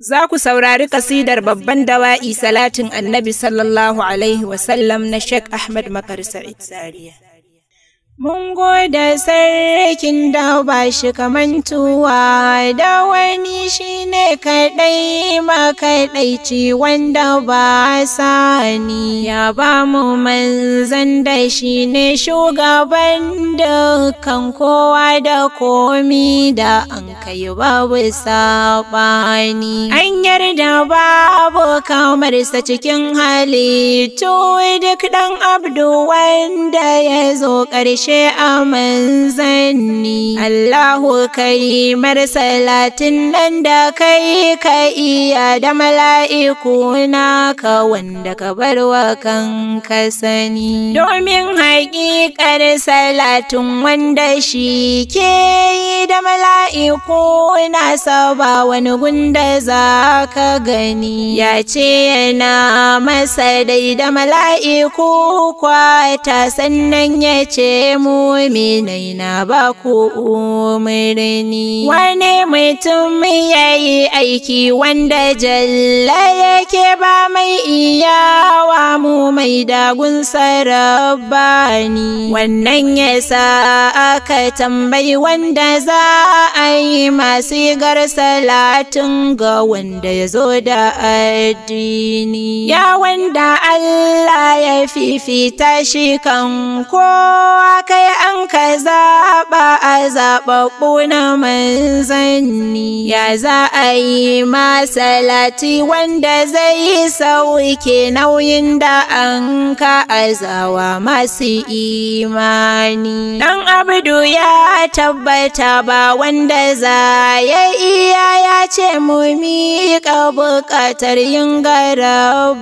Za ku saurari kasidar babban dawa'i salatin annabi sallallahu Alaihi wasallam na Sheikh Ahmad Makar Sa'id zariya Mun gode sarkin da ba shi kamantuwa da wani shi ne kaɗai makaɗaici wanda ba sani. Ya ba mu manzan da shi ne shugaban dukkan kowa da komi da an kai babu saɓani. An yarda ba abokan cikin hali duk ɗan abdu wanda ya zo ƙarshe a manzanni Allahu marsa latin nan da kai ka iya da mala'iku ka wanda ka bar wa kanka sani domin haƙiƙar salatin wanda shi ke yi da mala'iku na ba wani gunda za ka gani ya ce yana masa dai da mala'iku kwata sannan ya ce mu na ba ku umarni wani mutum ya yi aiki wanda jalla yake ba mai iyawa mu mai dagun sarabani wannan ya sa aka tambayi wanda za a yi masu gar salatin ga wanda ya zo da addini. Ya wanda Allah ya fifita shi kan kowa kai an ka zaɓa a zaɓaɓɓu na manzanni. Ya za a yi masalati wanda zai yi sauke nauyin da an ka azawa masu imani. Dan abdu ya tabbata ba wanda za ya iya ya ce mu miƙa buƙatar yin gara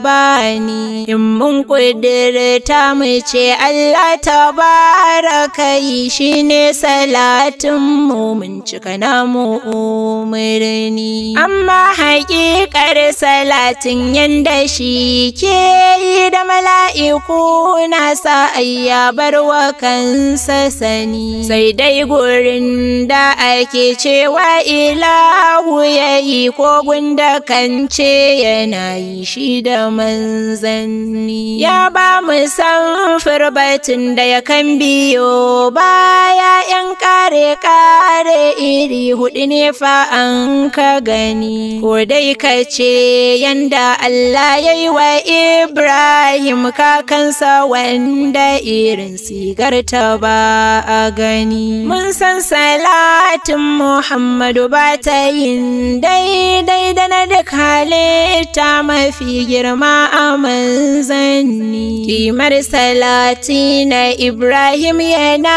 ni. in mun mu ce Allah baraka yi shine salatin mu mun cika namu umarni amma haƙiƙar salatin yanda shi ke yi da mala'iku na sa ayya bar wa kansa sani sai dai gurin da ake cewa ilahu yi ko gunda kan ce yana yi shi da manzanni ya ba mu samfur batun da ya kan biyo baya yan kare kare iri huɗu ne fa an ka gani ko dai ka ce yanda Allah ya yi wa Ibrahim kakansa wanda irin sigar ta ba a gani mun san salatin Muhammadu ba ta yin daidai da na duk halin ta mafi girma a manzanni kimar salati na ibrahim yana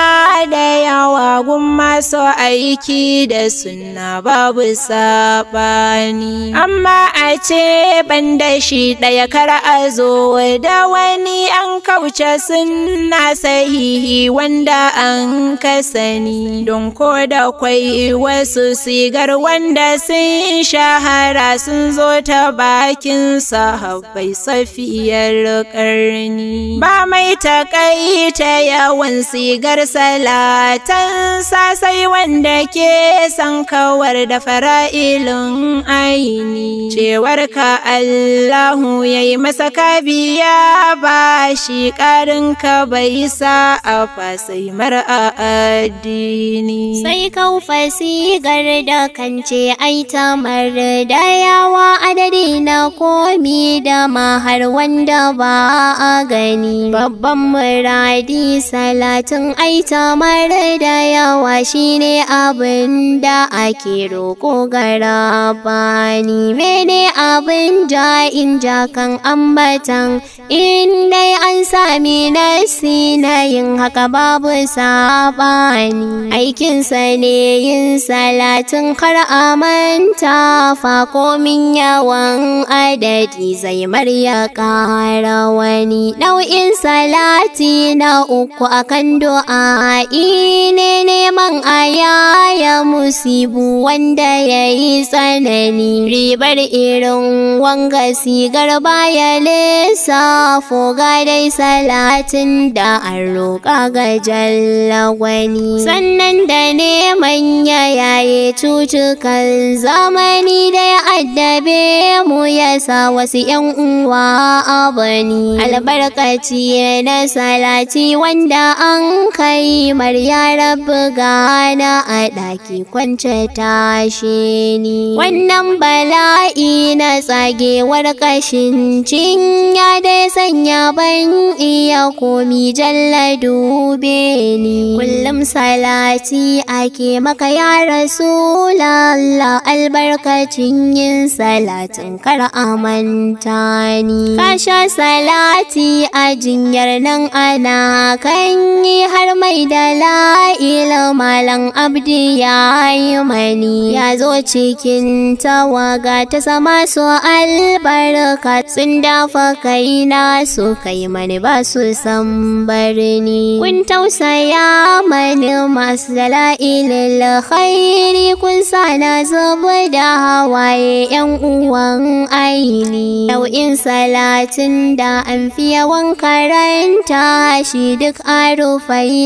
da yawa gun masu aiki da suna babu saɓani amma a ce ban da shi ɗaya kar a zo da wani an kauce suna sahihi wanda an kasani don ko da kwai wasu sigar wanda sun shahara sun zo ta ba. bakin sahabbai safiyar ƙarni. Ba mai takaita yawan sigar salatansa sai wanda ke san kawar da fara'ilin aini. Cewar ka Allahu ya yi masa kabiya ba shi ƙarin ka bai sa a fasai mara addini. Sai kau fasigar da kance ai tamar da yawa adadi na komi da mahar wanda ba a gani babban muradi salatin aita mara da yawa shine abin da ake roko ga rabani mene abin ja in ja kan ambatan in dai an sami nasi na yin haka babu sabani aikinsa ne yin salatin har a manta fa komin yawan Yan adadi zai marya ƙara wani nau'in salati na uku akan do'a'i ne neman aya ya musibu wanda ya yi tsanani ribar irin wanga sigar baya lesa foga dai salatin da an roƙa ga jalla wani. Sannan da neman ya yaye cutukan zamani da ya addabe Mu ya sa wasu ‘yan uwa a bani. Albarkaci na salati wanda an kai marya rabu gana a ɗaki kwance tashe ni. Wannan bala'i na tsagewar kashin ya dai sanya ban iya komi jalla dube ni. Kullum salati ake maka ya rasu lalla albarkacin yin salatin kar a manta ni ka salati a jinyar nan ana kan yi har mai da la'ila malam abdi ya yi mani ya zo cikin tawaga ta sama su albarka sun dafa kaina su kai mani ba su san barni kun tausaya mani masu dala'ilil khairi kun sa na zuba da hawaye yan uwan salatin aini nau'in salatin da an fi yawan karanta shi duk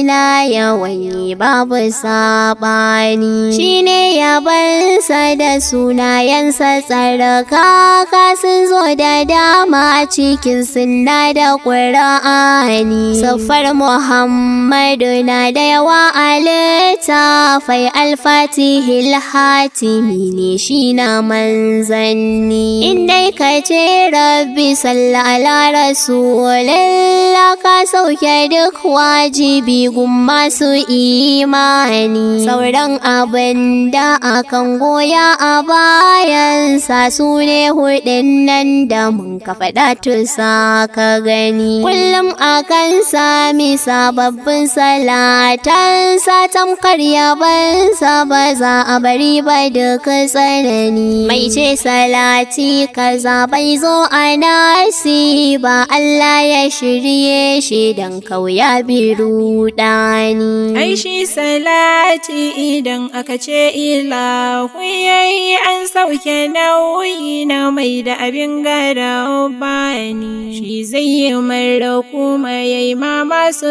na yawani babu sabani shine yabansa da sunayensa tsaraka ka sun zo da dama ma cikin sunna da ƙura'ani safar muhammadu na da yawa a littafai alfatihil hatimi ne shi na manzanni indai ka ce rabbi sallala rasulillah ka sauke duk wajibi gun masu imani sauran abin da akan goya a bayansa su ne hudun nan da mun kafa faɗa tusa ka gani kullum a kan sami sababbin salatansa tamkar yabansa ba za a bari ba duka tsanani mai ce salati kaza bai zo a nasi ba Allah ya shirye shi don kauya biru ɗani ai shi salati idan aka ce ilahu yayi an sauke nauyi na mai da abin gara bani shi zai yi mara kuma yi mama su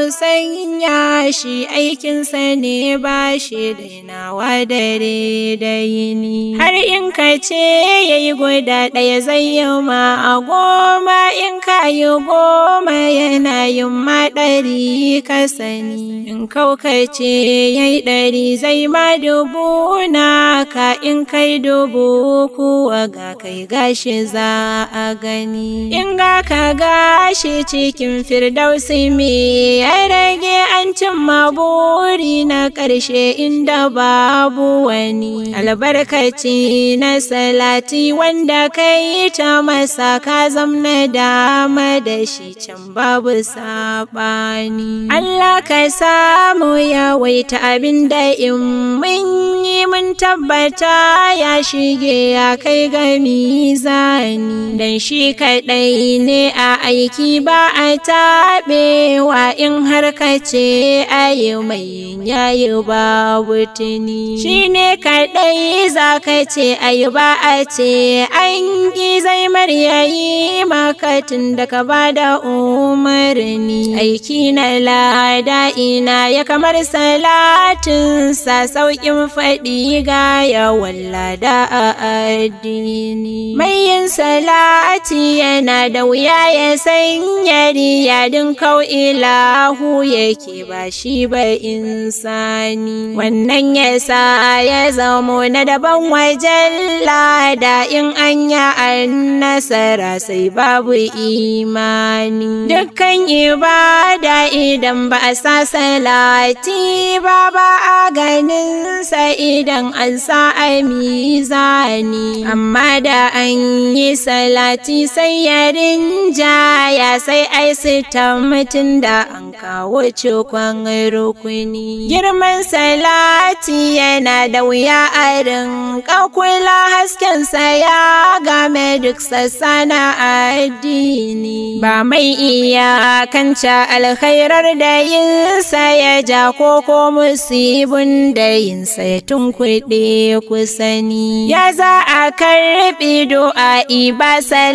ya shi aikinsa ne ba shi dainawa dare da ni. har in ka ce yayi guda ɗaya zai yi ma a goma in ka yi goma yana yi ma ɗari ka sani in ya yayi ɗari zai ma dubu naka in kai dubu kuwa ga kai gashi za a gani in ga ka gashi cikin firdausi me ya rage an cimma buri na ƙarshe inda babu wani albarkaci na salati wanda kai ta masa ka zamna dama da shi can babu saɓani Allah ka samu yawaita abin da in mun yi mun tabbata ya shige ya kai ga mizani dan shi ka kaɗai ne a aiki ba a taɓewa in har ka ce mai yayi babu tuni. Shi ne kaɗai za ka ce yi ba a ce an yi zai maryayi maka tun da ka ba da umarni. Aiki na lada ina ya kamar salatin sa sauƙin faɗi ga yawan lada a addini. Mai yin salati ya. yana da wuya ya san yari riyadin kau ilahu yake ba shi ba insani. Wannan ya sa ya zamo na daban wajen lada in an yi annasara sai babu imani. Dukkan ibada idan ba a sa salati ba ba a ganin sa idan an sa a mizani. Amma da an yi salati sai yarin jaya sai ai ta mutum da an kawo cikon rukuni. Girman sala salati yana da wuya a rinka kula haskensa ya game duk sassa na addini. Ba mai iya ca. alkhairar da yinsa ya ja ko ko musibin da yinsa ya tunkuɗe kusani. Ya za a karɓi Iba ba sa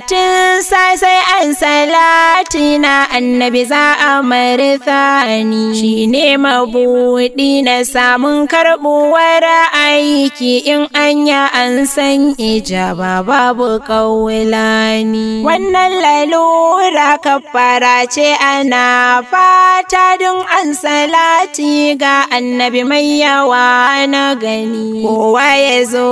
sai an salati na annabi za a marithani. Shi ne mabuɗi na sa mun karɓo wara aiki in anya an san ijaba babu kawulani. Wannan lalura kafara ce ana fata don an salati ga annabi mai yawa na gani. Kowa ya zo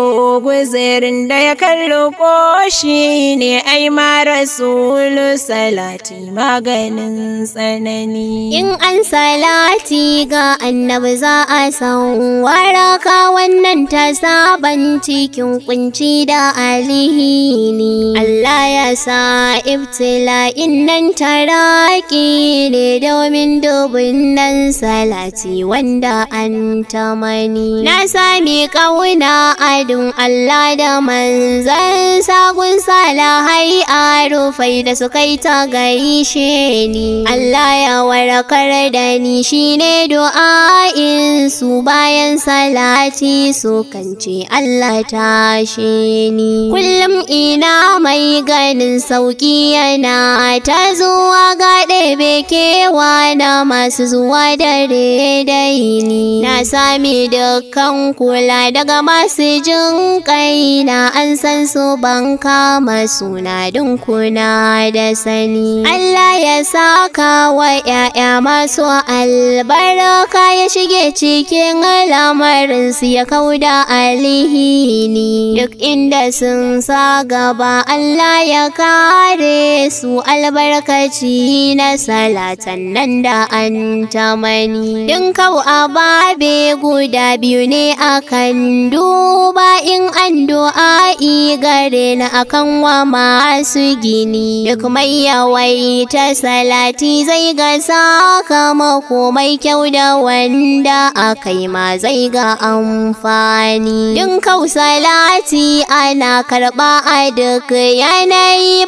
guzirin da ya kallo ko shi ne ai ma sulu salati maganin tsanani. In an salati ga annabi za a waraka wannan ta saban cikin kunci da alhini Allah ya sa ibtila'in nan taraki ne domin dubin nan salati wanda an tamani na sami kauna adun Allah da manzan sagun salahai a rufai da suka yi ta gari ni Allah ya warakar da ni shine du'a'in su bayan salati su kance Allah tashe ni kullum ina mai ganin sauki yana ta zuwa ga ɗebe kewa na masu zuwa dare daini na sami dukkan kula daga masu jin kai na. an san su ban kama suna dinkuna da sani Allah ya saka wa 'ya'ya masu albarka ya shige cike. cikin al'amarinsu ya da alihini duk inda sun sa gaba Allah ya kare su albarkaci na salatan nan da an tamani din kau ababe guda biyu ne akan duba in an du'a'i gare na akan wa masu gini duk mai yawaita salati zai ga sakamako mai kyau da wanda aka kai ma zai ga amfani. Din kau salati ana karɓa a duk yanayi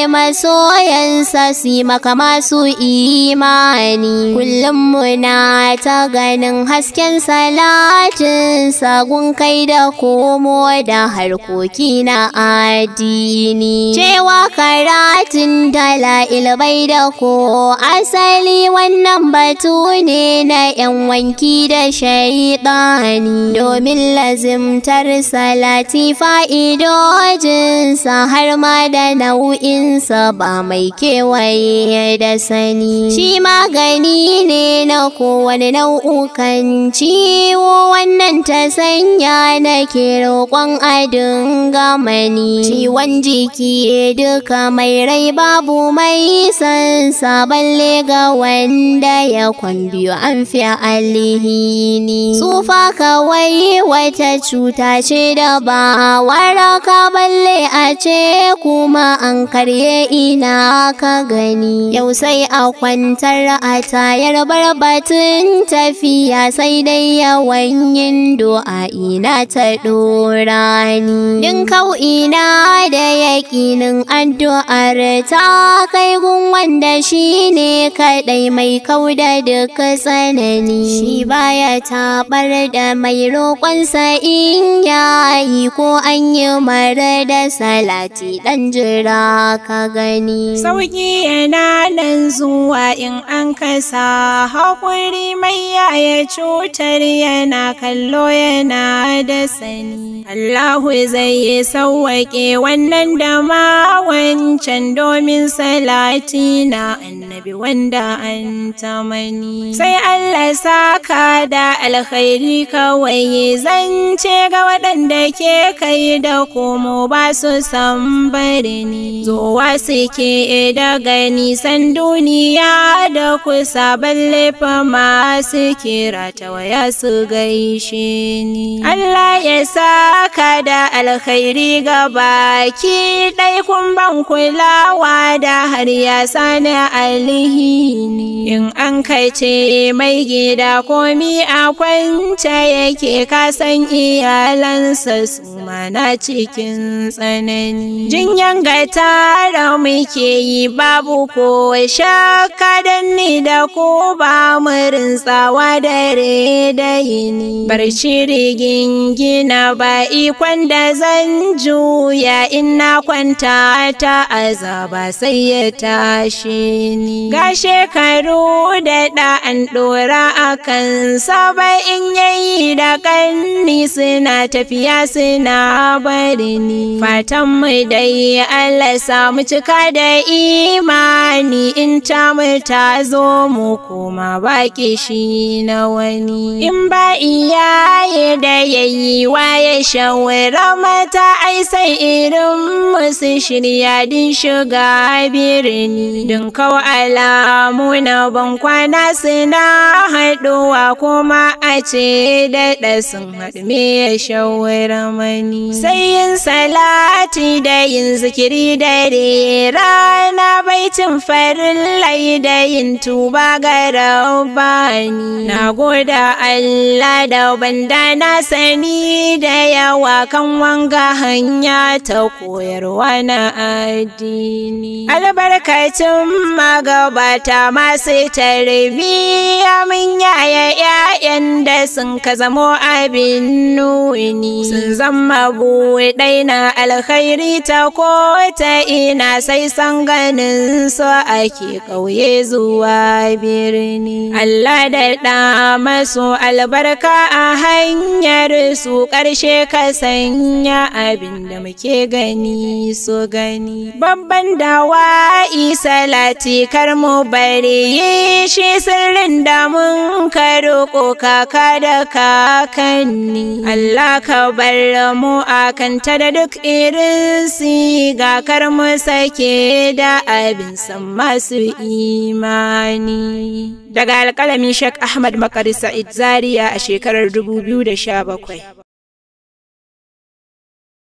ce masoyansa si maka masu imani kullum muna ta ganin hasken salatin sagun kai da komo da harkoki na addini cewa karatun dala ilbai da ko asali wannan batu ne na yan wanki da shaiɗani domin lazimtar salati fa'idojinsa har ma da nau'in sa ba mai kewaye da sani. Shi magani ne na kowane nau'ukan ciwo wannan ta sanya nake roƙon adin gamani. Ciwon jiki duka mai rai babu mai san balle ga wanda ya kwan biyu an fi alihini Tsufa kawai wata cuta ce da ba waraka balle a ce kuma an karye. ye ina ka gani yau sai a kwantar a tayar barbatun tafiya sai dai yawan yin do'a ina ta dora ni din kau ina da yakinin addu'ar ta kai gun wanda shine ne kaɗai mai kau da duka tsanani shi baya taɓar da mai roƙonsa in yayi ko an yi mara da salati ɗan jira ka gani. Sauki yana nan zuwa in an kasa haƙuri mai yaya cutar yana kallo yana da sani. Allahu zai yi sauwaƙe wannan da ma wancan domin salati na annabi wanda an tamani. Sai Allah saka da alkhairi kawai zance ga waɗanda ke kai da komo ba su san bari ni. wasu ke daga nisan duniya da kusa balle fama suke waya su gaishe ni. Allah ya saka da alkhairi ga baki ɗai kun ban kulawa da har ya sani alhini. In an kai ce mai gida komi a kwance yake kasan iyalansa su mana cikin tsanani. Jinyan gaita da muke yi babu ko shakka ni da ko ba mu rintsawa dare da yini. Barci rigingina ba ikon da zan juya ina kwanta ta azaba sai ya tashi ni. Ga shekaru da ɗa'an ɗora a kansa ba in yayi da ƙanni suna tafiya suna bari ni fatan mai dai Allah samu cika da imani in ta mai ta zo mu kuma baki shi na wani in ba iyaye da yayi ya shawara mata ai sai irin musu shirya din shiga birni din kawo alamu na ban suna haɗuwa kuma a ce da sun haɗu me ya shawara mani ni sai yin salati da yin zikiri da rana baitin farin lai da yin tuba ga rabani na goda Allah da banda na sani da yawa kan wanga hanya ta koyarwa na addini. Albarkacin magabata masu tarbiyya mun yaya ‘ya'yan da sun ka zamo abin nuni. Sun zama buɗai na alkhairi ta ko ta ina sai san ganin su ake ƙauye zuwa birni. Allah da ɗa masu albarka a hanyar su ƙarshe ka sanya abin da muke gani so gani. Babban dawa salati kar mu bari shi sirrin da mun karo ko kaka da kakanni. Allah ka bar mu akan ta da duk irin siga kar mu sake da abin san masu imani. Daga alƙalamin Sheikh Ahmad Makari Sa'id Zaria a shekarar 2017.